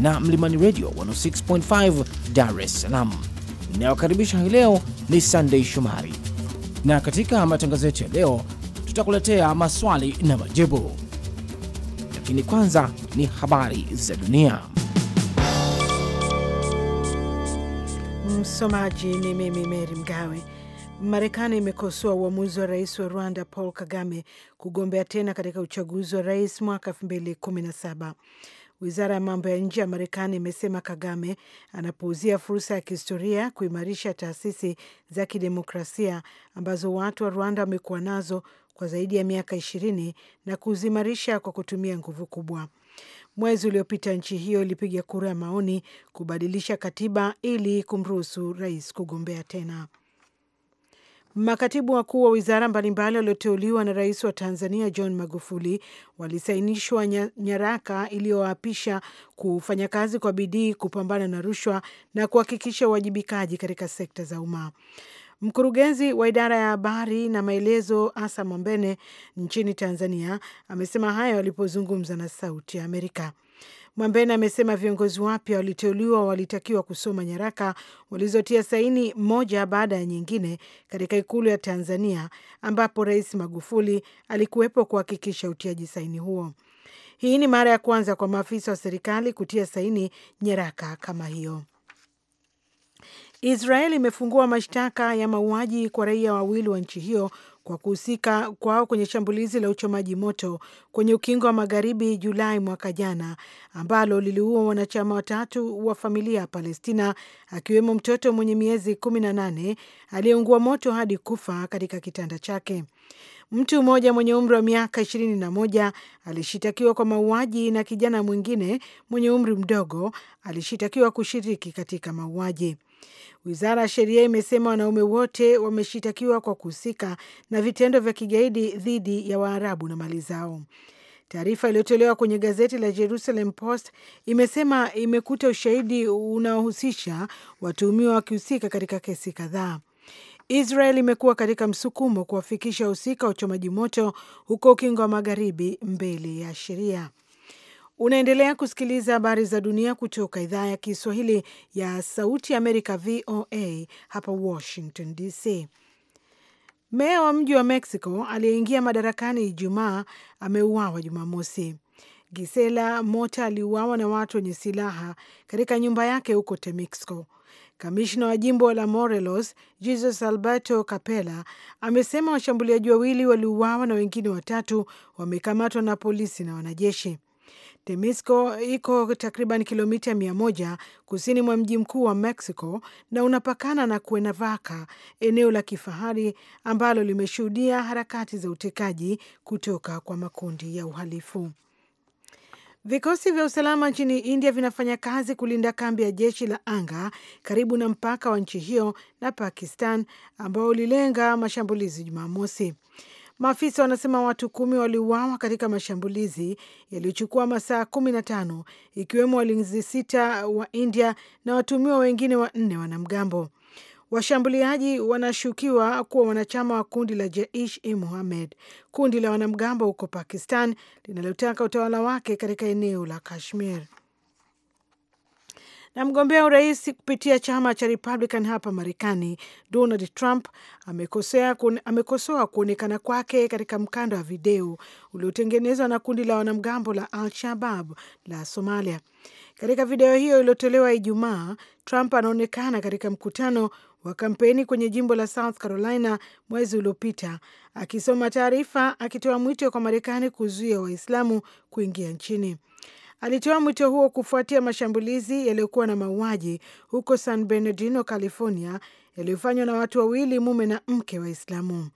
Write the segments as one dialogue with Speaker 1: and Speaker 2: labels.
Speaker 1: na Mlimani Radio 106.5 Dar es Salaam. Inayokaribisha hii leo ni Sunday Shomari, na katika matangazo yetu ya leo tutakuletea maswali na majibu, lakini kwanza ni habari za dunia.
Speaker 2: Msomaji ni mimi mary Mgawe. Marekani imekosoa uamuzi wa rais wa Rwanda Paul Kagame kugombea tena katika uchaguzi wa rais mwaka elfu mbili kumi na saba. Wizara ya mambo ya nje ya Marekani imesema Kagame anapuuzia fursa ya kihistoria kuimarisha taasisi za kidemokrasia ambazo watu wa Rwanda wamekuwa nazo kwa zaidi ya miaka ishirini na kuzimarisha kwa kutumia nguvu kubwa. Mwezi uliopita nchi hiyo ilipiga kura ya maoni kubadilisha katiba ili kumruhusu rais kugombea tena. Makatibu wakuu wa wizara mbalimbali walioteuliwa na rais wa Tanzania John Magufuli walisainishwa nyaraka iliyoapisha kufanya kazi kwa bidii kupambana na rushwa na kuhakikisha uwajibikaji katika sekta za umma. Mkurugenzi wa idara ya habari na maelezo Asa Mwambene nchini Tanzania amesema hayo alipozungumza na Sauti ya Amerika. Mwambene amesema viongozi wapya waliteuliwa walitakiwa kusoma nyaraka walizotia saini moja baada ya nyingine katika Ikulu ya Tanzania, ambapo Rais Magufuli alikuwepo kuhakikisha utiaji saini huo. Hii ni mara ya kwanza kwa maafisa wa serikali kutia saini nyaraka kama hiyo. Israel imefungua mashtaka ya mauaji kwa raia wawili wa nchi hiyo kwa kuhusika kwao kwenye shambulizi la uchomaji moto kwenye ukingo wa magharibi Julai mwaka jana, ambalo liliua wanachama watatu wa familia ya Palestina, akiwemo mtoto mwenye miezi kumi na nane aliyeungua moto hadi kufa katika kitanda chake. Mtu mmoja mwenye umri wa miaka ishirini na moja alishitakiwa kwa mauaji na kijana mwingine mwenye umri mdogo alishitakiwa kushiriki katika mauaji. Wizara ya sheria imesema wanaume wote wameshitakiwa kwa kuhusika na vitendo vya kigaidi dhidi ya Waarabu na mali zao. Taarifa iliyotolewa kwenye gazeti la Jerusalem Post imesema imekuta ushahidi unaohusisha watuhumiwa wakihusika katika kesi kadhaa. Israel imekuwa katika msukumo kuwafikisha wahusika wa uchomaji moto huko Ukingo wa Magharibi mbele ya sheria. Unaendelea kusikiliza habari za dunia kutoka idhaa ya Kiswahili ya Sauti ya Amerika, VOA hapa Washington DC. Meya wa mji wa Mexico aliyeingia madarakani Ijumaa ameuawa Jumamosi. Gisela Mota aliuawa na watu wenye silaha katika nyumba yake huko Temixco. Kamishna wa jimbo la Morelos Jesus Alberto Capella amesema washambuliaji wawili waliuawa na wengine watatu wamekamatwa na polisi na wanajeshi. Temisco iko takriban kilomita mia moja kusini mwa mji mkuu wa Mexico na unapakana na Cuernavaca, eneo la kifahari ambalo limeshuhudia harakati za utekaji kutoka kwa makundi ya uhalifu. Vikosi vya usalama nchini India vinafanya kazi kulinda kambi ya jeshi la anga karibu na mpaka wa nchi hiyo na Pakistan ambao ulilenga mashambulizi Jumamosi. Maafisa wanasema watu kumi waliuawa katika mashambulizi yaliyochukua masaa kumi na tano ikiwemo walinzi sita wa India na watumiwa wengine wanne wanamgambo. Washambuliaji wanashukiwa kuwa wanachama wa kundi la Jaish i Muhamed, kundi la wanamgambo huko Pakistan linalotaka utawala wake katika eneo la Kashmir. Na mgombea urais kupitia chama cha Republican hapa Marekani, Donald Trump amekosoa kuonekana kwake katika mkanda wa video uliotengenezwa na kundi la wanamgambo la Al Shabab la Somalia. Katika video hiyo iliyotolewa Ijumaa, Trump anaonekana katika mkutano wa kampeni kwenye jimbo la South Carolina mwezi uliopita, akisoma taarifa akitoa mwito kwa Marekani kuzuia Waislamu kuingia nchini. Alitoa mwito huo kufuatia mashambulizi yaliyokuwa na mauaji huko San Bernardino, California, yaliyofanywa na watu wawili, mume na mke Waislamu.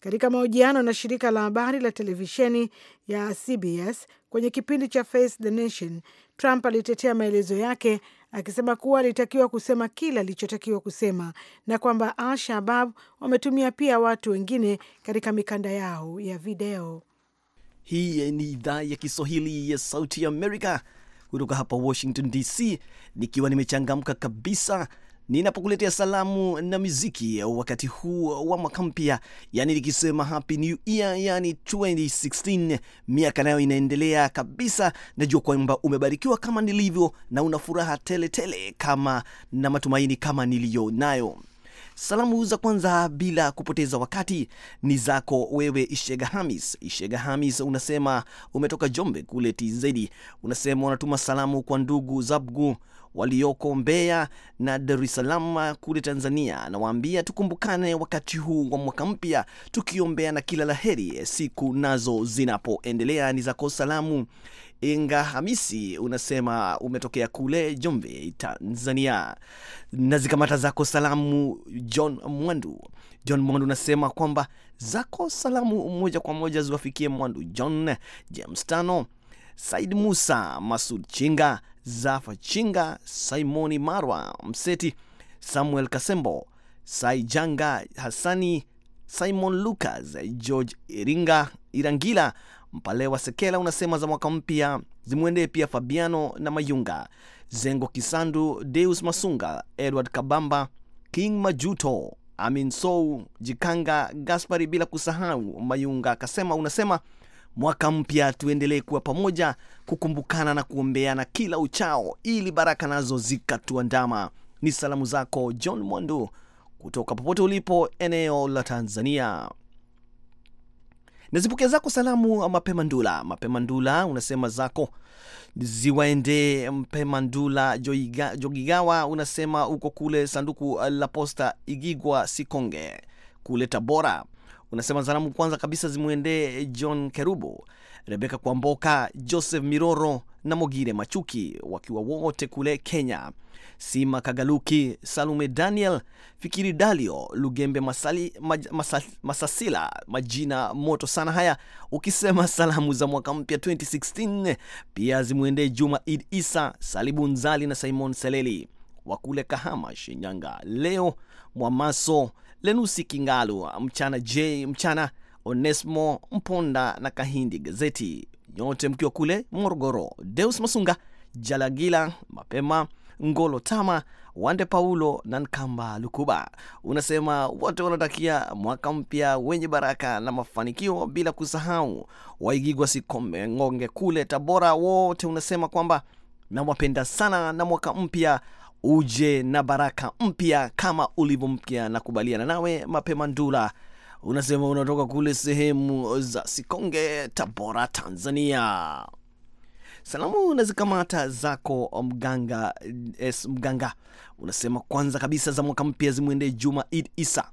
Speaker 2: Katika mahojiano na shirika la habari la televisheni ya CBS kwenye kipindi cha Face the Nation, Trump alitetea maelezo yake akisema kuwa alitakiwa kusema kila alichotakiwa kusema na kwamba Al Shabab wametumia pia watu wengine katika mikanda yao ya video.
Speaker 3: Hii ni idhaa ya Kiswahili ya Sauti ya Amerika kutoka hapa Washington DC, nikiwa nimechangamka kabisa ninapokuletea salamu na miziki wakati huu wa mwaka mpya, yani nikisema happy new year, yani 2016 miaka nayo inaendelea kabisa. Najua kwamba umebarikiwa kama nilivyo, na una furaha teletele kama na matumaini kama niliyo nayo. Salamu za kwanza bila kupoteza wakati ni zako wewe Ishega Hamis. Ishega Hamis unasema umetoka Jombe kule TZ, unasema unatuma salamu kwa ndugu Zabgu walioko Mbeya na Dar es Salaam kule Tanzania. Nawaambia tukumbukane wakati huu wa mwaka mpya, tukiombea na kila laheri siku nazo zinapoendelea. Ni zako salamu Inga Hamisi, unasema umetokea kule Jombe, Tanzania, na zikamata zako salamu. John Mwandu, John Mwandu unasema kwamba zako salamu moja kwa moja ziwafikie Mwandu John James tano Said Musa, Masud Chinga, Zafa Chinga, Simoni Marwa Mseti, Samuel Kasembo, Sai Janga, Hassani Simon Lucas, George Iringa, Irangila Mpalewa Sekela unasema za mwaka mpya zimwendee pia Fabiano na Mayunga, Zengo Kisandu, Deus Masunga, Edward Kabamba, King Majuto, Amin Sou, Jikanga, Gaspari bila kusahau Mayunga kasema unasema Mwaka mpya tuendelee kuwa pamoja, kukumbukana na kuombeana kila uchao, ili baraka nazo zikatuandama. Ni salamu zako John Mwandu kutoka popote ulipo eneo la Tanzania. Nazipokea zako salamu mapema Ndula. Mapema Ndula unasema zako ziwaende Mpema Ndula Jogigawa unasema uko kule sanduku la posta Igigwa Sikonge kule Tabora unasema salamu kwanza kabisa zimwendee eh, John Kerubo, Rebeka Kwamboka, Joseph Miroro na Mogire Machuki wakiwa wote kule Kenya, Sima Kagaluki, Salume Daniel, Fikiri Dalio, Lugembe Masali, maj, masa, Masasila. Majina moto sana haya. Ukisema salamu za mwaka mpya 2016 pia zimwendee Juma Id Isa, Salibu Nzali na Simon Seleli wa kule Kahama, Shinyanga. Leo Mwamaso Lenusi Kingalu, Mchana J Mchana, Onesmo Mponda na Kahindi Gazeti, nyote mkiwa kule Morogoro, Deus Masunga, Jalagila Mapema, Ngolo Tama, Wande Paulo na Nkamba Lukuba. Unasema wote wanatakia mwaka mpya wenye baraka na mafanikio, bila kusahau Waigigwa Sikome Ng'onge kule Tabora. Wote unasema kwamba nawapenda sana na mwaka mpya uje na baraka mpya kama ulivyo mpya. Na kubaliana nawe mapema Ndula, unasema unatoka kule sehemu za Sikonge, Tabora, Tanzania. Salamu na zikamata zako mganga es, mganga unasema kwanza kabisa za mwaka mpya zimwendee Juma Id Isa,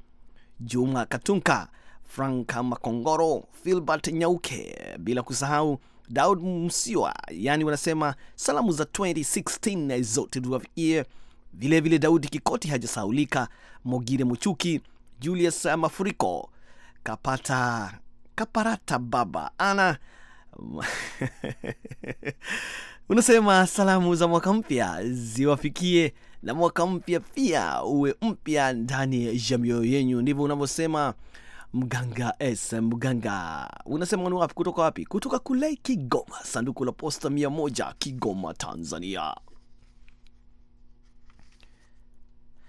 Speaker 3: Juma Katunka, Franka Makongoro, Filbert Nyauke, bila kusahau Daud Msiwa, yani wanasema salamu za 2016 na zote Vile Vilevile Daudi Kikoti hajasaulika, Mogire Muchuki, Julius Mafuriko, Kapata Kaparata, baba ana unasema salamu za mwaka mpya ziwafikie na mwaka mpya pia uwe mpya ndani ya mioyo yenyu. Ndivyo unavyosema Mganga S Mganga, unasema ni wapi? Kutoka wapi? Kutoka kule Kigoma, sanduku la posta mia moja, Kigoma, Tanzania.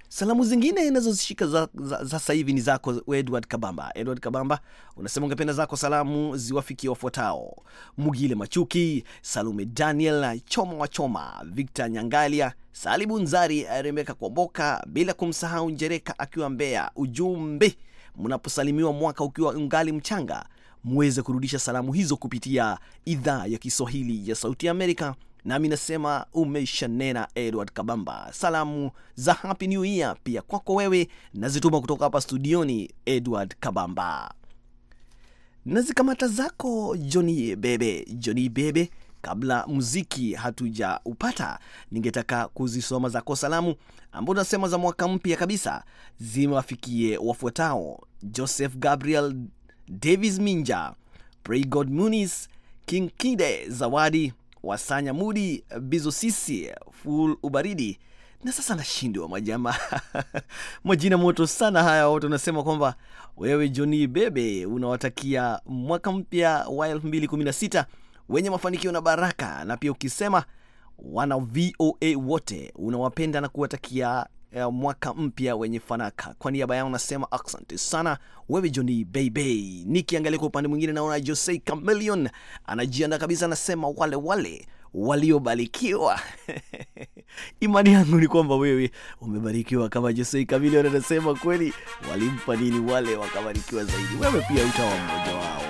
Speaker 3: Salamu zingine nazozishika sasa hivi ni zako Edward Kabamba. Edward Kabamba unasema ungependa zako salamu ziwafikie wafuatao: Mugile Machuki, Salume Daniel, Choma wa Choma, Victor Nyangalia, Salibu Nzari, Rebeka Kwamboka, bila kumsahau Njereka akiwa Mbeya. Ujumbe mnaposalimiwa mwaka ukiwa ungali mchanga, muweze kurudisha salamu hizo kupitia idhaa ya Kiswahili ya Sauti Amerika. Nami nasema umeisha nena, Edward Kabamba. Salamu za Happy New Year pia kwako wewe nazituma kutoka hapa studioni, Edward Kabamba, na zikamata zako Joni Bebe. Joni Bebe Kabla muziki hatujaupata, ningetaka kuzisoma zako salamu ambao unasema za mwaka mpya kabisa zimewafikie wafuatao: Joseph Gabriel Davis, Minja Pray Munis King Kide, Zawadi Wasanya, Mudi Bizosisi, Ful Ubaridi na sasa nashindwa majama majina moto sana haya wote. Unasema kwamba wewe joni Bebe unawatakia mwaka mpya wa 216 wenye mafanikio na baraka, na pia ukisema wana VOA wote unawapenda na kuwatakia eh, mwaka mpya wenye fanaka. Kwa niaba yao nasema asante sana wewe Johnny Baybay. Nikiangalia kwa upande mwingine, naona Jose Chameleone anajiandaa kabisa, anasema wale wale waliobarikiwa imani yangu ni kwamba wewe umebarikiwa kama Jose Chameleone anasema kweli, walimpa nini wale wakabarikiwa zaidi? Wewe pia utawa mmoja wao.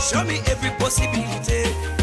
Speaker 4: Show me every possibility.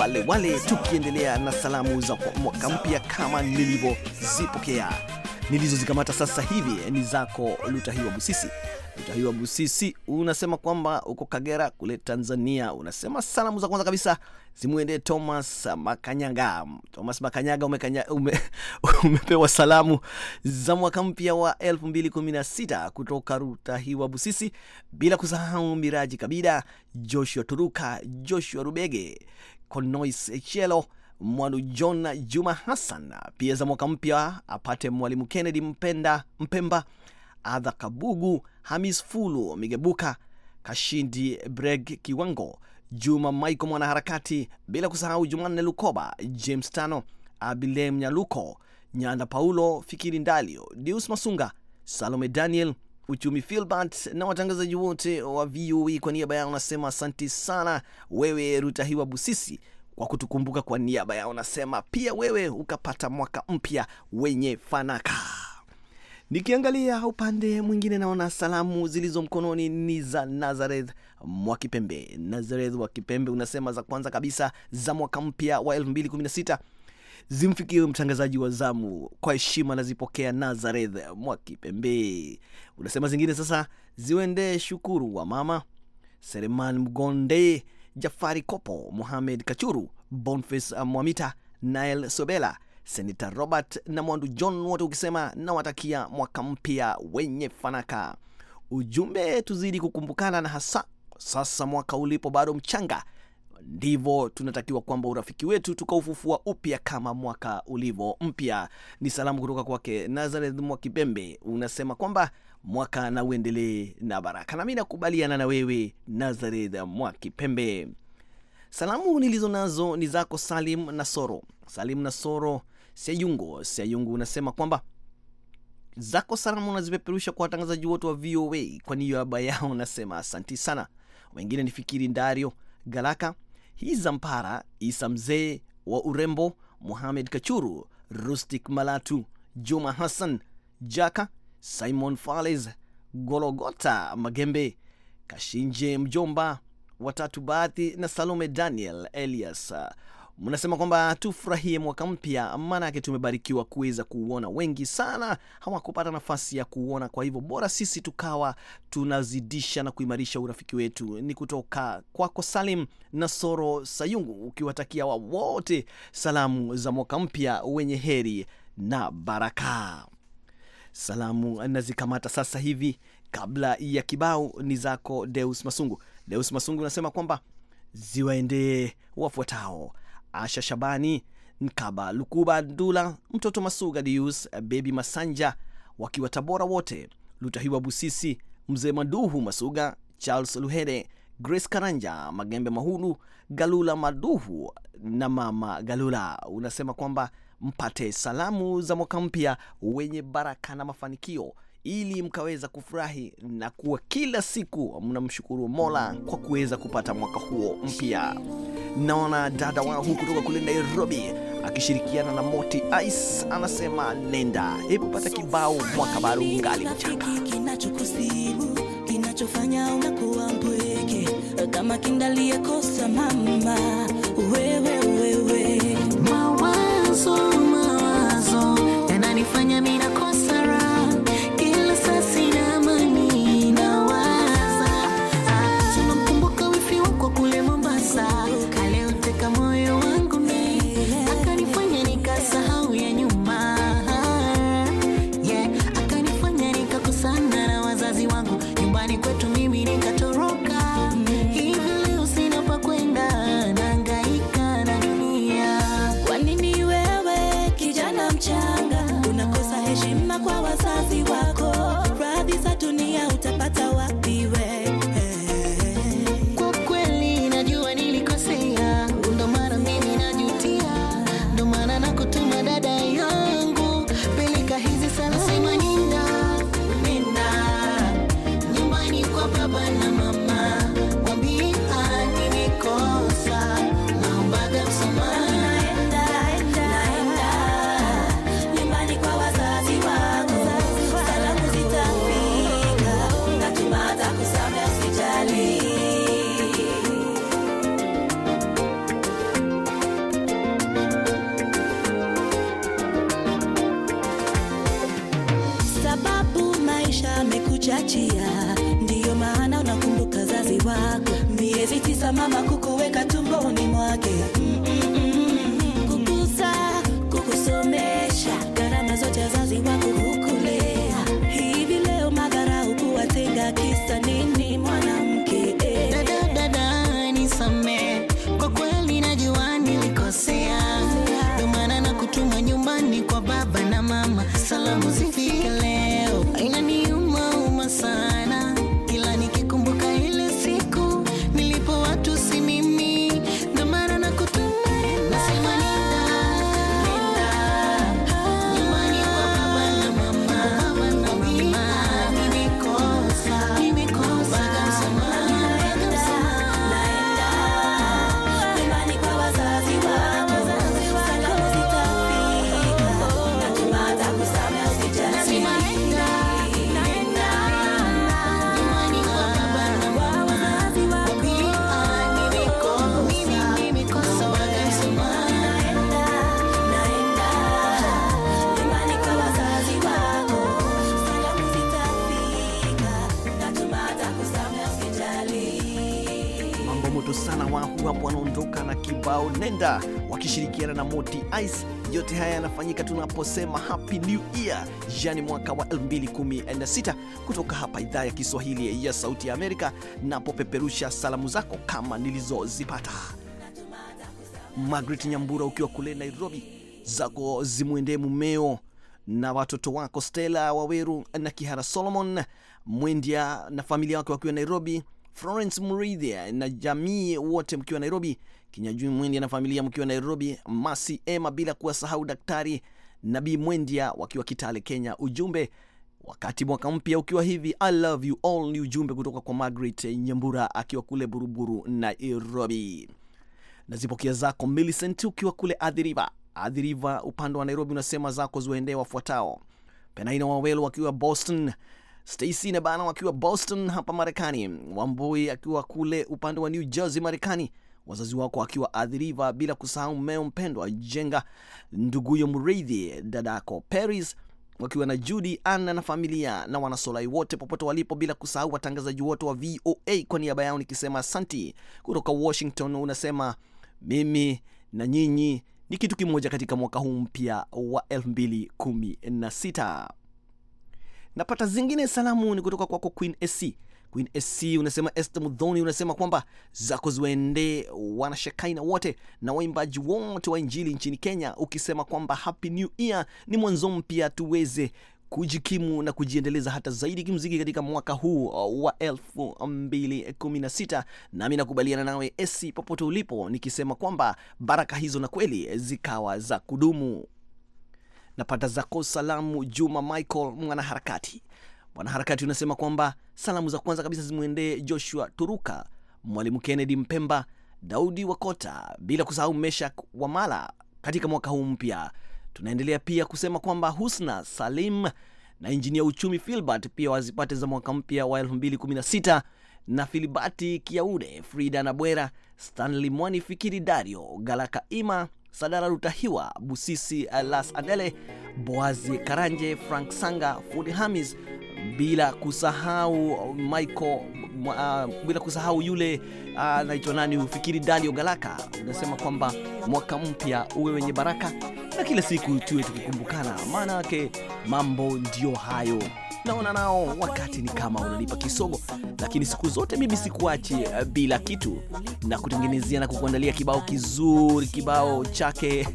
Speaker 3: wale wale, tukiendelea na salamu za mwaka mpya kama nilivyozipokea nilizozikamata sasa hivi ni zako Lutahiwa Busisi. Lutahiwa Busisi, unasema kwamba uko Kagera kule Tanzania. Unasema salamu za kwanza kabisa zimwendee Thomas Makanyaga. Thomas Makanyaga, umekanya, ume, umepewa salamu za mwaka mpya wa 2016 kutoka Lutahiwa Busisi, bila kusahau Miraji Kabida, Joshua Turuka, Joshua Rubege, Konois Echelo Mwanu John Juma Hassan, pia za mwaka mpya apate Mwalimu Kennedy Mpenda, Mpemba Adha Kabugu, Hamis Fulu Migebuka, Kashindi Breg Kiwango, Juma Maiko mwanaharakati, bila kusahau Jumanne Lukoba, James Tano, Abilem Nyaluko, Nyanda Paulo Fikiri Ndalio, dius Masunga, Salome Daniel uchumi Filbert na watangazaji wote wa VOA. E kwa niaba yao nasema asanti sana, wewe Rutahiwa Busisi kwa kutukumbuka. Kwa niaba yao nasema pia wewe ukapata mwaka mpya wenye fanaka. Nikiangalia upande mwingine, naona salamu zilizo mkononi ni za Nazareth Mwakipembe. Nazareth Mwakipembe unasema za kwanza kabisa za mwaka mpya wa 2016 zimfikie mtangazaji wa zamu. Kwa heshima anazipokea Nazareth Mwakipembe. Unasema zingine sasa ziwendee Shukuru wa mama Sereman Mgonde, Jafari Kopo, Mohamed Kachuru, Boniface Mwamita, Nael Sobela, Senata Robert na Mwandu John, wote ukisema nawatakia mwaka mpya wenye fanaka. Ujumbe, tuzidi kukumbukana na hasa sasa mwaka ulipo bado mchanga ndivyo tunatakiwa kwamba urafiki wetu tukaufufua upya kama mwaka ulivyo mpya. Ni salamu kutoka kwake Nazareth Mwakipembe, unasema kwamba mwaka na uendelee na baraka, nami nakubaliana na wewe Nazareth Mwakipembe. Salamu nilizo nazo ni zako Salim Nasoro, Salim Nasoro Sayungo Sayungu, unasema kwamba zako salamu unazipeperusha kwa watangazaji wote wa VOA. Kwa niaba yao nasema asanti sana. Wengine ni Fikiri Ndario Galaka hii Isa mzee wa urembo, Muhamed Kachuru, Rustic Malatu, Juma Hassan Jaka, Simon Fales, Gologota Magembe, Kashinje mjomba watatu baadhi na Salome Daniel Elias mnasema kwamba tufurahie mwaka mpya, yake tumebarikiwa kuweza kuuona. Wengi sana hawakupata nafasi ya kuuona, kwa hivyo bora sisi tukawa tunazidisha na kuimarisha urafiki wetu. Ni kutoka kwako Salim Nasoro Sayungu, ukiwatakia wawote salamu za mwaka mpya wenye heri na baraka. Salamu nazikamata sasa hivi kabla ya kibao ni zako Deus Masungu. Deus Masungu unasema kwamba ziwaendee wafuatao Asha Shabani, Nkaba Lukuba, Ndula Mtoto, Masuga Dius, Bebi Masanja wakiwa Tabora wote, Lutahiwa Busisi, Mzee Maduhu Masuga, Charles Luhere, Grace Karanja, Magembe Mahulu, Galula Maduhu na Mama Galula, unasema kwamba mpate salamu za mwaka mpya wenye baraka na mafanikio ili mkaweza kufurahi na kuwa kila siku mnamshukuru Mola kwa kuweza kupata mwaka huo mpya. Naona dada wangu kutoka kule Nairobi akishirikiana na Moti Ice anasema nenda, hebu pata kibao mwaka baru ngali
Speaker 5: mchanga kinachofanya unakuwa mpweke kama kindaliyekosa mama wewe wewe mawazo mawazo yananifanya minakosa
Speaker 3: na Moti Ice. Yote haya yanafanyika tunaposema happy new year, yani mwaka wa 2016 kutoka hapa idhaa ya Kiswahili ya Sauti ya Amerika, napopeperusha salamu zako kama nilizozipata. Margaret Nyambura, ukiwa kule Nairobi, zako zimwendee mumeo na watoto wako Stella Waweru na Kihara Solomon Mwendia na familia wake wakiwa Nairobi, Florence Mridhi na jamii wote mkiwa Nairobi, Kinyajui Mwendi na familia mkiwa Nairobi, Masi Ema, bila kuwasahau Daktari Nabii Mwendia wakiwa Kitale, Kenya. Ujumbe wakati mwaka mpya ukiwa hivi, I love you all, ni ujumbe kutoka kwa Margaret Nyambura akiwa kule Buruburu, Nairobi. Na zipokea zako Millicent ukiwa kule Adhiriva, Adhiriva upande wa Nairobi, unasema zako ziwaendee wafuatao: Penaina Wawelu wakiwa Boston, Stacy na Bana wakiwa Boston hapa Marekani, Wambui akiwa kule upande wa New Jersey Marekani, wazazi wako akiwa adhiriva, bila kusahau mmeo mpendwa Jenga, nduguyo mreidhi dadako Paris wakiwa na Judy Anna na familia na wanasolai wote popote walipo, bila kusahau watangazaji wote wa VOA. Kwa niaba yao nikisema asanti kutoka Washington. Unasema mimi na nyinyi ni kitu kimoja katika mwaka huu mpya wa 2016. Napata zingine salamu ni kutoka kwako Queen ac Queen SC unasema, Esther Mudhoni unasema kwamba zako ziwaendee wanashekaina wote na waimbaji wote wa injili nchini Kenya, ukisema kwamba happy new year, ni mwanzo mpya tuweze kujikimu na kujiendeleza hata zaidi kimziki katika mwaka huu wa 2016. Nami nakubaliana nawe Esi, popote ulipo, nikisema kwamba baraka hizo na kweli zikawa za kudumu. Napata zako salamu Juma Michael, mwanaharakati Mwanaharakati unasema kwamba salamu za kwanza kabisa zimwendee Joshua Turuka, Mwalimu Kennedy Mpemba, Daudi Wakota, bila kusahau Meshak Mala. katika mwaka huu mpya. Tunaendelea pia kusema kwamba Husna Salim na injinia uchumi Filbert pia wazipate za mwaka mpya wa 2016 na Filibati Kiaude, Frida Nabwera, Stanley Mwani, Fikiri Dario, Galaka Ima, Sadara Rutahiwa, Busisi Las Adele, Boazi Karanje, Frank Sanga, Fudi Hamis, bila kusahau Michael, uh, bila kusahau yule uh, anaitwa uh, nani, ufikiri Dalio Galaka, unasema kwamba mwaka mpya uwe wenye baraka na kila siku tuwe tukikumbukana, maana yake mambo ndio hayo naona nao wakati ni kama unanipa kisogo, lakini siku zote mimi sikuachi eh, bila kitu, na kutengenezia na kukuandalia kibao kizuri, kibao chake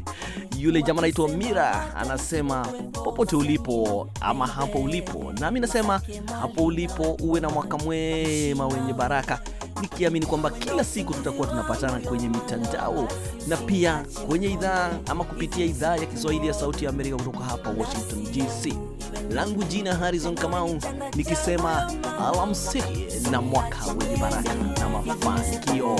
Speaker 3: yule jamaa anaitwa Mira, anasema popote ulipo ama hapo ulipo, nami nasema hapo ulipo uwe na mwaka mwema wenye baraka nikiamini kwamba kila siku tutakuwa tunapatana kwenye mitandao na pia kwenye idhaa ama kupitia idhaa ya Kiswahili ya Sauti ya Amerika kutoka hapa Washington DC. Langu jina Harrison Kamau, nikisema alamsiki na
Speaker 5: mwaka wenye baraka na mafanikio.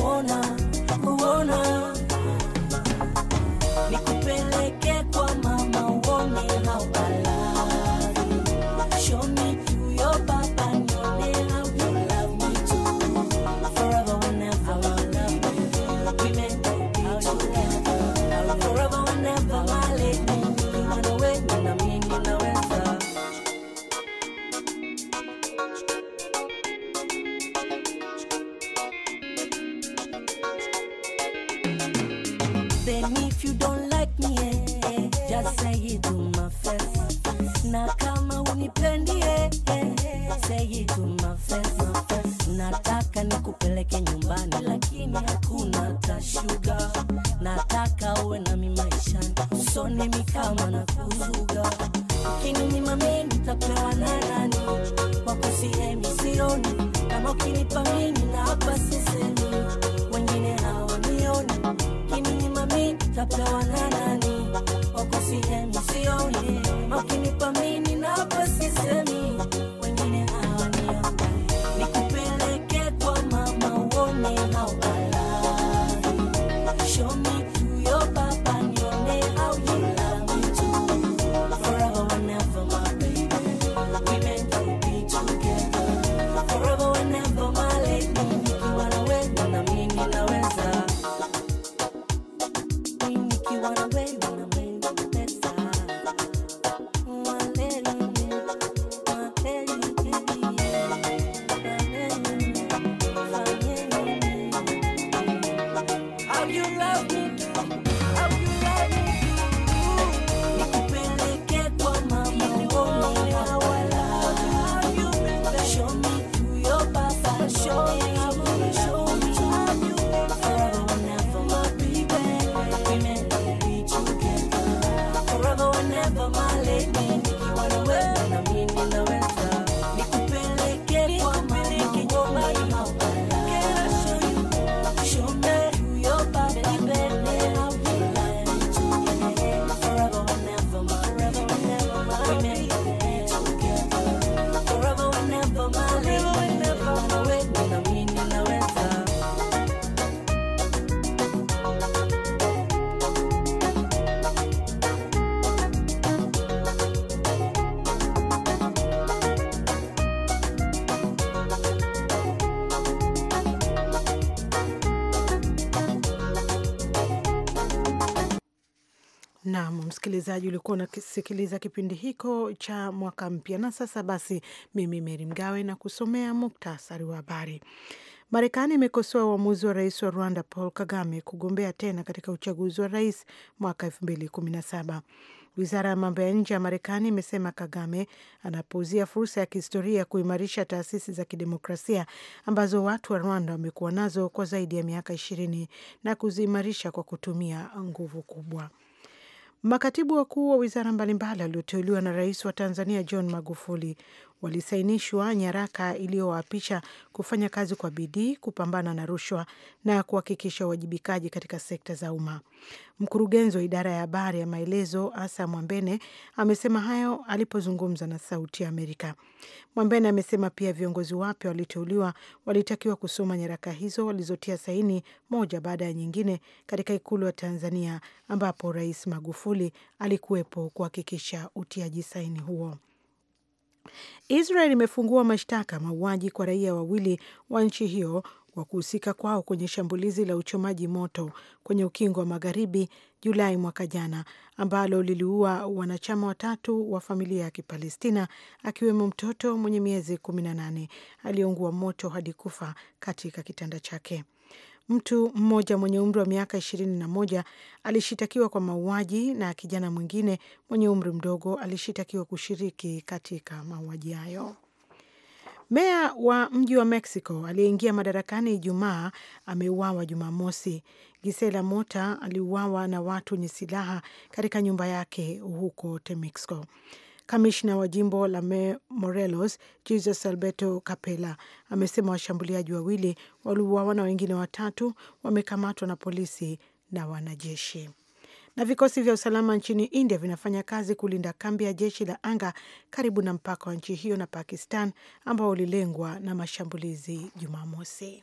Speaker 5: hakuna tashuga, nataka uwe nami maishani, usoni mikama na kuzuga. Ukininyima mimi nitapewa na nani? Wako sihemi, sioni kama ukinipa mimi na hapa sisemi, wengine hawanioni. Ukininyima mimi nani? Wako sioni kama ukinipa na hapa sisemi
Speaker 2: Naam, msikilizaji, ulikuwa unasikiliza kipindi hiko cha mwaka mpya. Na sasa basi, mimi Meri Mgawe na kusomea muktasari wa habari. Marekani imekosoa uamuzi wa rais wa Rwanda Paul Kagame kugombea tena katika uchaguzi wa rais mwaka saba. Wizara ya mambo ya nje ya Marekani imesema Kagame anapuuzia fursa ya kihistoria ya kuimarisha taasisi za kidemokrasia ambazo watu wa Rwanda wamekuwa nazo kwa zaidi ya miaka ishirini na kuziimarisha kwa kutumia nguvu kubwa. Makatibu wakuu wa wizara mbalimbali walioteuliwa na Rais wa Tanzania John Magufuli walisainishwa nyaraka iliyowaapisha kufanya kazi kwa bidii kupambana na rushwa na kuhakikisha uwajibikaji katika sekta za umma. Mkurugenzi wa idara ya habari ya maelezo Asa Mwambene amesema hayo alipozungumza na Sauti ya Amerika. Mwambene amesema pia viongozi wapya waliteuliwa walitakiwa kusoma nyaraka hizo walizotia saini moja baada ya nyingine katika Ikulu ya Tanzania ambapo Rais Magufuli alikuwepo kuhakikisha utiaji saini huo. Israel imefungua mashtaka mauaji kwa raia wawili wa nchi hiyo kwa kuhusika kwao kwenye shambulizi la uchomaji moto kwenye ukingo wa magharibi Julai mwaka jana, ambalo liliua wanachama watatu wa familia ya Kipalestina, akiwemo mtoto mwenye miezi kumi nane aliyeungua moto hadi kufa katika kitanda chake. Mtu mmoja mwenye umri wa miaka ishirini na moja alishitakiwa kwa mauaji na kijana mwingine mwenye umri mdogo alishitakiwa kushiriki katika mauaji hayo. Meya wa mji wa Mexico aliyeingia madarakani Ijumaa ameuawa Jumamosi. Gisela Mota aliuawa na watu wenye silaha katika nyumba yake huko Temixco. Kamishna wa jimbo la Morelos, Jesus Alberto capela amesema washambuliaji wawili waliuawa na wengine watatu wamekamatwa na polisi na wanajeshi na vikosi vya usalama nchini India vinafanya kazi kulinda kambi ya jeshi la anga karibu na mpaka wa nchi hiyo na Pakistan ambao ulilengwa na mashambulizi Jumamosi.